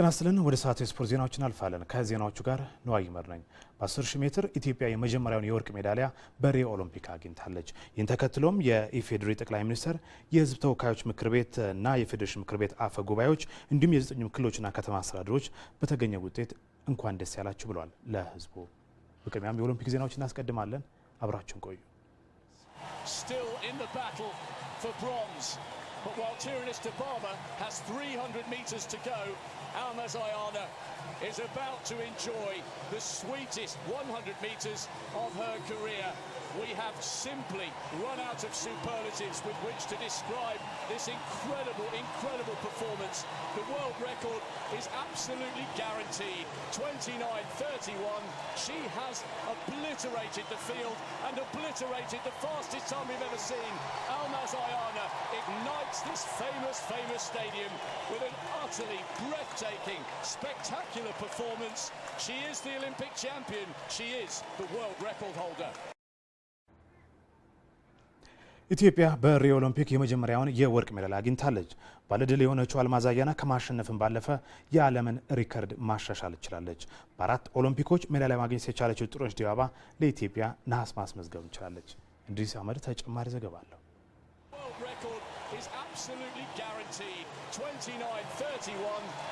ጤና ስለን ወደ ሰዓቱ የስፖርት ዜናዎች እናልፋለን። ከዜናዎቹ ጋር ነዋይ መር ነኝ። በ10 ሜትር ኢትዮጵያ የመጀመሪያውን የወርቅ ሜዳሊያ በሪዮ ኦሎምፒክ አግኝታለች። ይህን ተከትሎም የኢፌዴሪ ጠቅላይ ሚኒስትር የህዝብ ተወካዮች ምክር ቤት እና የፌዴሬሽን ምክር ቤት አፈ ጉባኤዎች እንዲሁም የዘጠኙም ክልሎችና ከተማ አስተዳደሮች በተገኘ ውጤት እንኳን ደስ ያላችሁ ብሏል ለህዝቡ በቅድሚያም የኦሎምፒክ ዜናዎች እናስቀድማለን። አብራችሁን ቆዩ። But while Tyrannus Tabama has 300 metres to go, Almaz Ayana is about to enjoy the sweetest 100 metres of her career we have simply run out of superlatives with which to describe this incredible, incredible performance. The world record is absolutely guaranteed. 29.31. She has obliterated the field and obliterated the fastest time we've ever seen. Almaz Ayana ignites this famous, famous stadium with an utterly breathtaking, spectacular performance. She is the Olympic champion. She is the world record holder. ኢትዮጵያ በሪዮ ኦሎምፒክ የመጀመሪያውን የወርቅ ሜዳል አግኝታለች። ባለድል የሆነችው አልማዝ አያና ከማሸነፍን ባለፈ የዓለምን ሪከርድ ማሻሻል ችላለች። በአራት ኦሎምፒኮች ሜዳሊያ ማግኘት የቻለችው ጥሩነሽ ዲባባ ለኢትዮጵያ ነሐስ ማስመዝገብ እንችላለች። እንዲህ አመድ ተጨማሪ ዘገባ አለው። 29.31.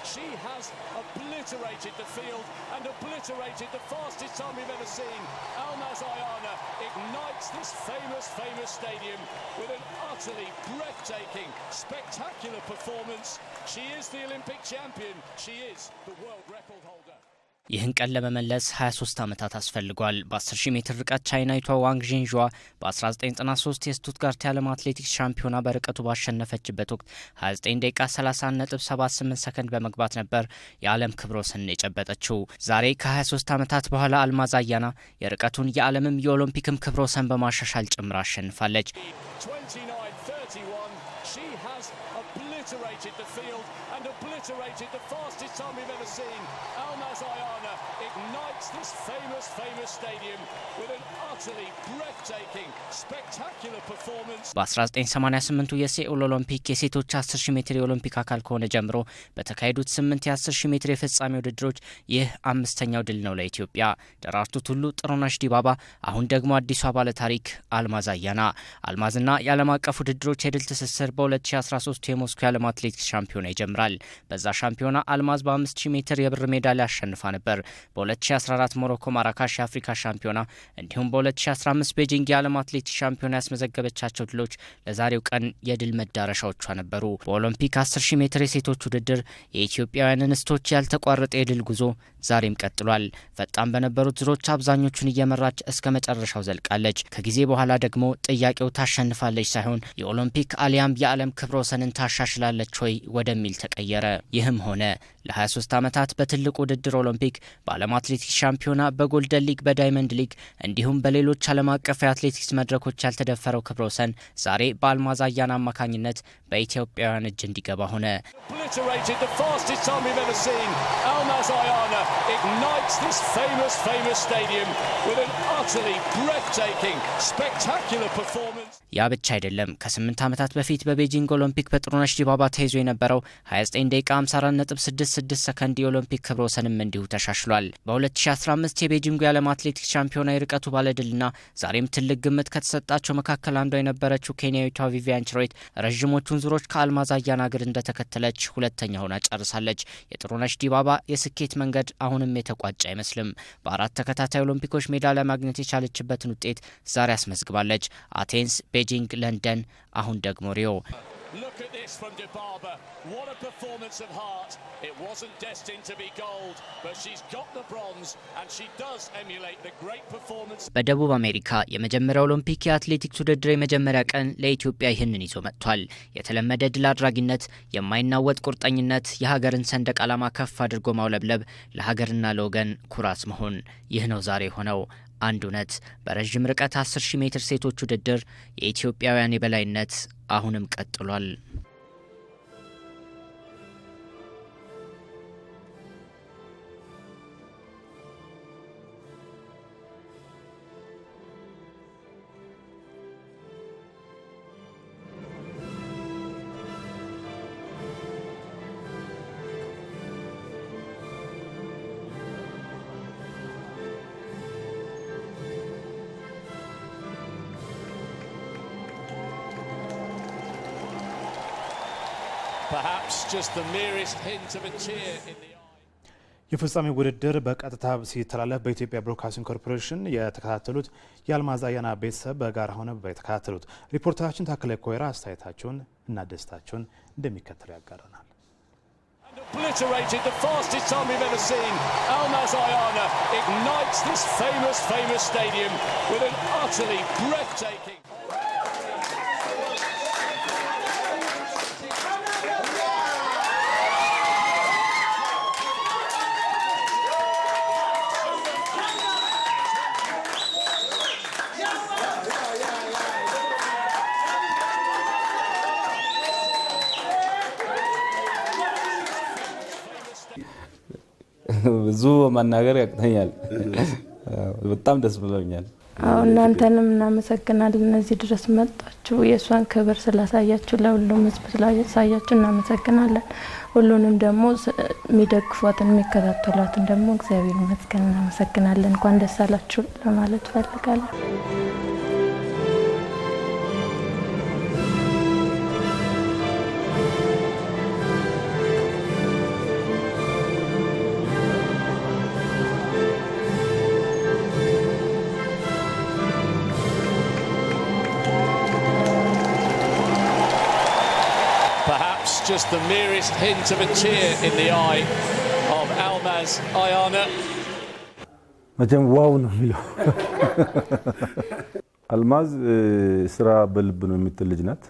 She has obliterated the field and obliterated the fastest time we've ever seen. Almaz Ayana ignites this famous, famous stadium with an utterly breathtaking, spectacular performance. She is the Olympic champion. She is the world record. ይህን ቀን ለመመለስ 23 ዓመታት አስፈልጓል። በ10000 ሜትር ርቀት ቻይናዊቷ ዋንግ ዢንዣ በ1993 የስቱትጋርት የዓለም አትሌቲክስ ሻምፒዮና በርቀቱ ባሸነፈችበት ወቅት 29 ደቂቃ 31.78 ሰከንድ በመግባት ነበር የዓለም ክብረ ወሰን የጨበጠችው። ዛሬ ከ23 ዓመታት በኋላ አልማዝ አያና የርቀቱን የዓለምም የኦሎምፒክም ክብረ ወሰን በማሻሻል ጭምር አሸንፋለች። obliterated the field and obliterated the fastest time we've ever seen. Almaz Ayar Nirvana ignites this famous, famous stadium with an utterly breathtaking, spectacular performance. በ1988 የሴኡል ኦሎምፒክ የሴቶች 10000 ሜትር የኦሎምፒክ አካል ከሆነ ጀምሮ በተካሄዱት ስምንት የ10000 ሜትር የፍጻሜ ውድድሮች ይህ አምስተኛው ድል ነው ለኢትዮጵያ። ደራርቱ ቱሉ፣ ጥሩነሽ ዲባባ፣ አሁን ደግሞ አዲሷ ባለ አልማዝ አያና። አልማዝና የዓለም አቀፍ ውድድሮች የድል ትስስር በ2013 የሞስኮ የዓለም አትሌቲክስ ሻምፒዮና ይጀምራል። በዛ ሻምፒዮና አልማዝ በ5000 ሜትር የብር ሜዳሊያ አሸንፋ ነበር። ነበር። በ2014 ሞሮኮ ማራካሽ የአፍሪካ ሻምፒዮና እንዲሁም በ2015 ቤጂንግ የዓለም አትሌቲክስ ሻምፒዮና ያስመዘገበቻቸው ድሎች ለዛሬው ቀን የድል መዳረሻዎቿ ነበሩ። በኦሎምፒክ 10000 ሜትር የሴቶች ውድድር የኢትዮጵያውያን እንስቶች ያልተቋረጠ የድል ጉዞ ዛሬም ቀጥሏል። ፈጣን በነበሩት ዙሮች አብዛኞቹን እየመራች እስከ መጨረሻው ዘልቃለች። ከጊዜ በኋላ ደግሞ ጥያቄው ታሸንፋለች ሳይሆን የኦሎምፒክ አሊያም የዓለም ክብረ ወሰንን ታሻሽላለች ሆይ ወደሚል ተቀየረ። ይህም ሆነ ለ23 ዓመታት በትልቅ ውድድር ኦሎምፒክ፣ በዓለም አትሌቲክስ ሻምፒዮና፣ በጎልደን ሊግ፣ በዳይመንድ ሊግ እንዲሁም በሌሎች ዓለም አቀፍ የአትሌቲክስ መድረኮች ያልተደፈረው ክብረ ወሰን ዛሬ በአልማዝ አማካኝነት በኢትዮጵያውያን እጅ እንዲገባ ሆነ። ያ ብቻ አይደለም። ከስምንት ዓመታት በፊት በቤጂንግ ኦሎምፒክ በጥሩነሽ ዲባባ ተይዞ የነበረው 29 ደቂቃ 6 በ ሰከንድ የኦሎምፒክ ክብረ ወሰንም እንዲሁ ተሻሽሏል። በ2015 የቤጂንጉ የዓለም አትሌቲክስ ሻምፒዮና የርቀቱ ባለድልና ዛሬም ትልቅ ግምት ከተሰጣቸው መካከል አንዷ የነበረችው ኬንያዊቷ ቪቪያን ችሮይት ረዥሞቹን ዙሮች ከአልማዝ አያና እንደተከተለች ሁለተኛ ሆና ጨርሳለች። የጥሩነሽ ዲባባ የስኬት መንገድ አሁንም የተቋጨ አይመስልም። በአራት ተከታታይ ኦሎምፒኮች ሜዳሊያ ማግኘት የቻለችበትን ውጤት ዛሬ አስመዝግባለች። አቴንስ፣ ቤጂንግ፣ ለንደን አሁን ደግሞ ሪዮ Look at this from Dybala. What a performance of heart. It wasn't destined to be gold, but she's got the bronze and she does emulate the great performance. በደቡብ አሜሪካ የመጀመሪያው ኦሎምፒክ የአትሌቲክስ ውድድር የመጀመሪያ ቀን ለኢትዮጵያ ይህንን ይዞ መጥቷል። የተለመደ ድል አድራጊነት፣ የማይናወጥ ቁርጠኝነት፣ የሀገርን ሰንደቅ ዓላማ ከፍ አድርጎ ማውለብለብ፣ ለሀገርና ለወገን ኩራት መሆን ይህ ነው ዛሬ ሆነው አንድ እውነት በረዥም ርቀት 10 ሺህ ሜትር ሴቶች ውድድር የኢትዮጵያውያን የበላይነት አሁንም ቀጥሏል። የፍጻሜ ውድድር በቀጥታ ሲተላለፍ በኢትዮጵያ ብሮድካስቲንግ ኮርፖሬሽን የተከታተሉት የአልማዝ አያና ቤተሰብ በጋራ ሆነ የተከታተሉት ሪፖርተራችን ታከለ ኮይራ አስተያየታቸውን እና ደስታቸውን እንደሚከተሉ ያጋረናል። ብዙ መናገር ያቅተኛል። በጣም ደስ ብሎኛል። አዎ እናንተንም እናመሰግናለን። እነዚህ ድረስ መጣችሁ የእሷን ክብር ስላሳያችሁ፣ ለሁሉም ሕዝብ ስላሳያችሁ እናመሰግናለን። ሁሉንም ደግሞ የሚደግፏትን የሚከታተሏትን ደግሞ እግዚአብሔር ይመስገን እናመሰግናለን። እንኳን ደስ አላችሁ ለማለት ፈልጋለሁ። just the merest hint of a tear in the eye of Almaz Ayana. መቼም ዋው ነው የሚለው። አልማዝ ስራ በልብ ነው የምትል ልጅ ናት።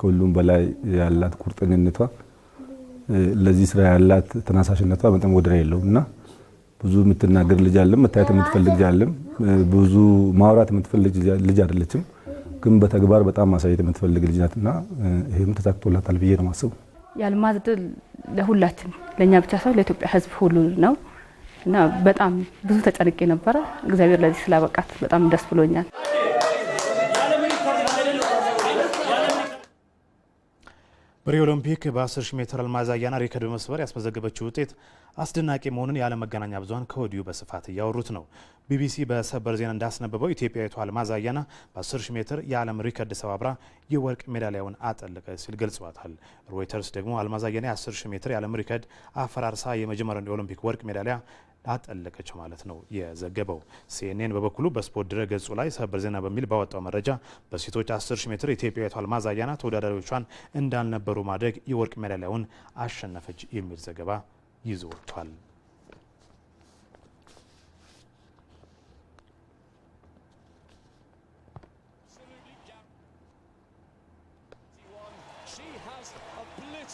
ከሁሉም በላይ ያላት ቁርጠኝነቷ፣ ለዚህ ስራ ያላት ተናሳሽነቷ በጣም ወደር የለውም እና ብዙ የምትናገር ልጅ አለም፣ መታየት የምትፈልግ ልጅ አለም፣ ብዙ ማውራት የምትፈልግ ልጅ አይደለችም ግን በተግባር በጣም ማሳየት የምትፈልግ ልጅ ናት እና ይህም ተሳክቶላታል ብዬ ነው ማስቡ። የአልማዝ ድል ለሁላችን ለእኛ ብቻ ሳይሆን ለኢትዮጵያ ሕዝብ ሁሉ ነው እና በጣም ብዙ ተጨንቄ ነበረ። እግዚአብሔር ለዚህ ስላበቃት በጣም ደስ ብሎኛል። በሪዮ ኦሎምፒክ በ10 ሺህ ሜትር አያና ሪከርድ በመስበር ያስመዘገበችው ውጤት አስደናቂ መሆኑን የዓለም መገናኛ ብዙኃን ከወዲሁ በስፋት እያወሩት ነው። ቢቢሲ በሰበር ዜና እንዳስነበበው ኢትዮጵያዊቷ አያና በ10 ሺህ ሜትር የዓለም ሪከርድ ሰባብራ የወርቅ ሜዳሊያውን አጠለቀ ሲል ገልጸዋታል። ሮይተርስ ደግሞ አልማዝ አያና የ10 ሺህ ሜትር የዓለም ሪከርድ አፈራርሳ የመጀመሪያውን የኦሎምፒክ ወርቅ ሜዳሊያ አጠለቀች ማለት ነው የዘገበው። ሲኤንኤን በበኩሉ በስፖርት ድረ ገጹ ላይ ሰበር ዜና በሚል ባወጣው መረጃ በሴቶች 10 ሺ ሜትር ኢትዮጵያ አልማዝ አያና ተወዳዳሪዎቿን እንዳልነበሩ ማድረግ የወርቅ ሜዳሊያውን አሸነፈች የሚል ዘገባ ይዞ ወጥቷል።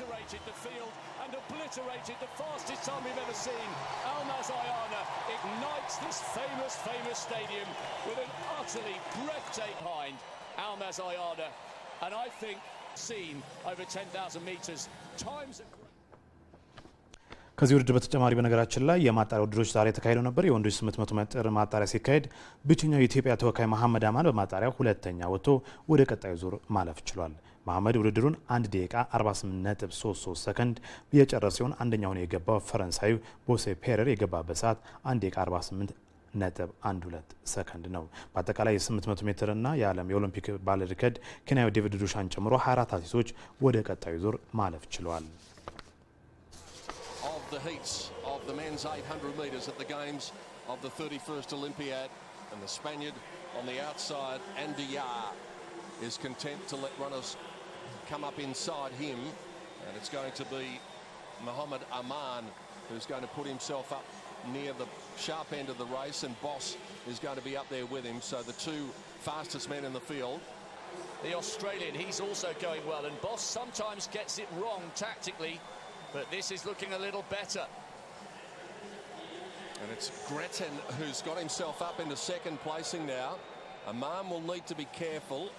obliterated the field and obliterated the fastest time we've ever seen. Almaz Ayana ignites this famous, famous stadium with an utterly breathtaking behind Almaz Ayana. And I think seen over 10,000 metres. Times... ከዚህ ውድድር በተጨማሪ በነገራችን ላይ የማጣሪያ ውድድሮች ዛሬ ተካሂደው ነበር። የወንዶች 800 ሜትር ማጣሪያ ሲካሄድ ብቸኛው የኢትዮጵያ ተወካይ መሐመድ አማን በማጣሪያው ሁለተኛ ወጥቶ ወደ ቀጣዩ ዙር ማለፍ ችሏል። መሐመድ ውድድሩን 1 ደቂቃ 48.33 ሰከንድ የጨረሰ ሲሆን አንደኛውን የገባው ፈረንሳዩ ቦሴ ፔረር የገባበት ሰዓት 1 ደቂቃ 48 ነጥብ 12 ሰከንድ ነው። በአጠቃላይ የ800 ሜትር እና የዓለም የኦሎምፒክ ባለርከድ ኬንያዊ ዴቪድ ዱሻን ጨምሮ 24 አትሌቶች ወደ ቀጣዩ ዙር ማለፍ ችለዋል። the heats of the men's 800 metres at the Games of the 31st Olympiad. And the Spaniard on the outside, Andiyar, is content to let runners come up inside him. And it's going to be Mohamed Aman who's going to put himself up near the sharp end of the race. And Boss is going to be up there with him. So the two fastest men in the field the Australian, he's also going well. And Boss sometimes gets it wrong tactically. But this is looking a little better. And it's Gretton who's got himself up into second placing now. Amam will need to be careful.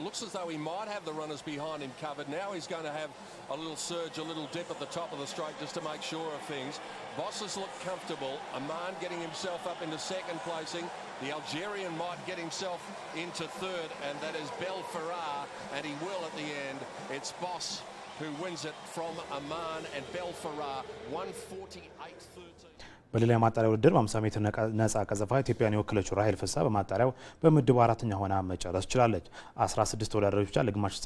looks as though he might have the runners behind him covered. Now he's going to have a little surge, a little dip at the top of the straight just to make sure of things. Bosses look comfortable. Aman getting himself up into second placing. The Algerian might get himself into third, and that is Belferrar, and he will at the end. It's Boss በሌላ የማጣሪያ ውድድር በ50 ሜትር ነጻ ቀዘፋ ኢትዮጵያን የወክለችው ራሄል ፍሳ በማጣሪያው በምድቡ አራተኛ ሆና መጨረስ ችላለች። 16 ተወዳዳሪዎች ብቻ ለግማሽ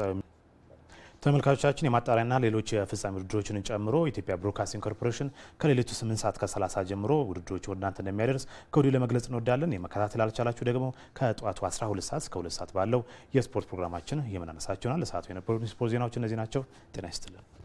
ተመልካቾቻችን የማጣሪያና ሌሎች የፍጻሜ ውድድሮችን ጨምሮ ኢትዮጵያ ብሮድካስቲንግ ኮርፖሬሽን ከሌሊቱ 8 ሰዓት ከ30 ጀምሮ ውድድሮች ወደ እናንተ እንደሚያደርስ ከወዲሁ ለመግለጽ እንወዳለን። የመከታተል አልቻላችሁ ደግሞ ከጠዋቱ 12 ሰዓት እስከ 2 ሰዓት ባለው የስፖርት ፕሮግራማችን የምናነሳችሁናል። ለሰዓቱ የነበሩ ስፖርት ዜናዎች እነዚህ ናቸው። ጤና ይስጥልን።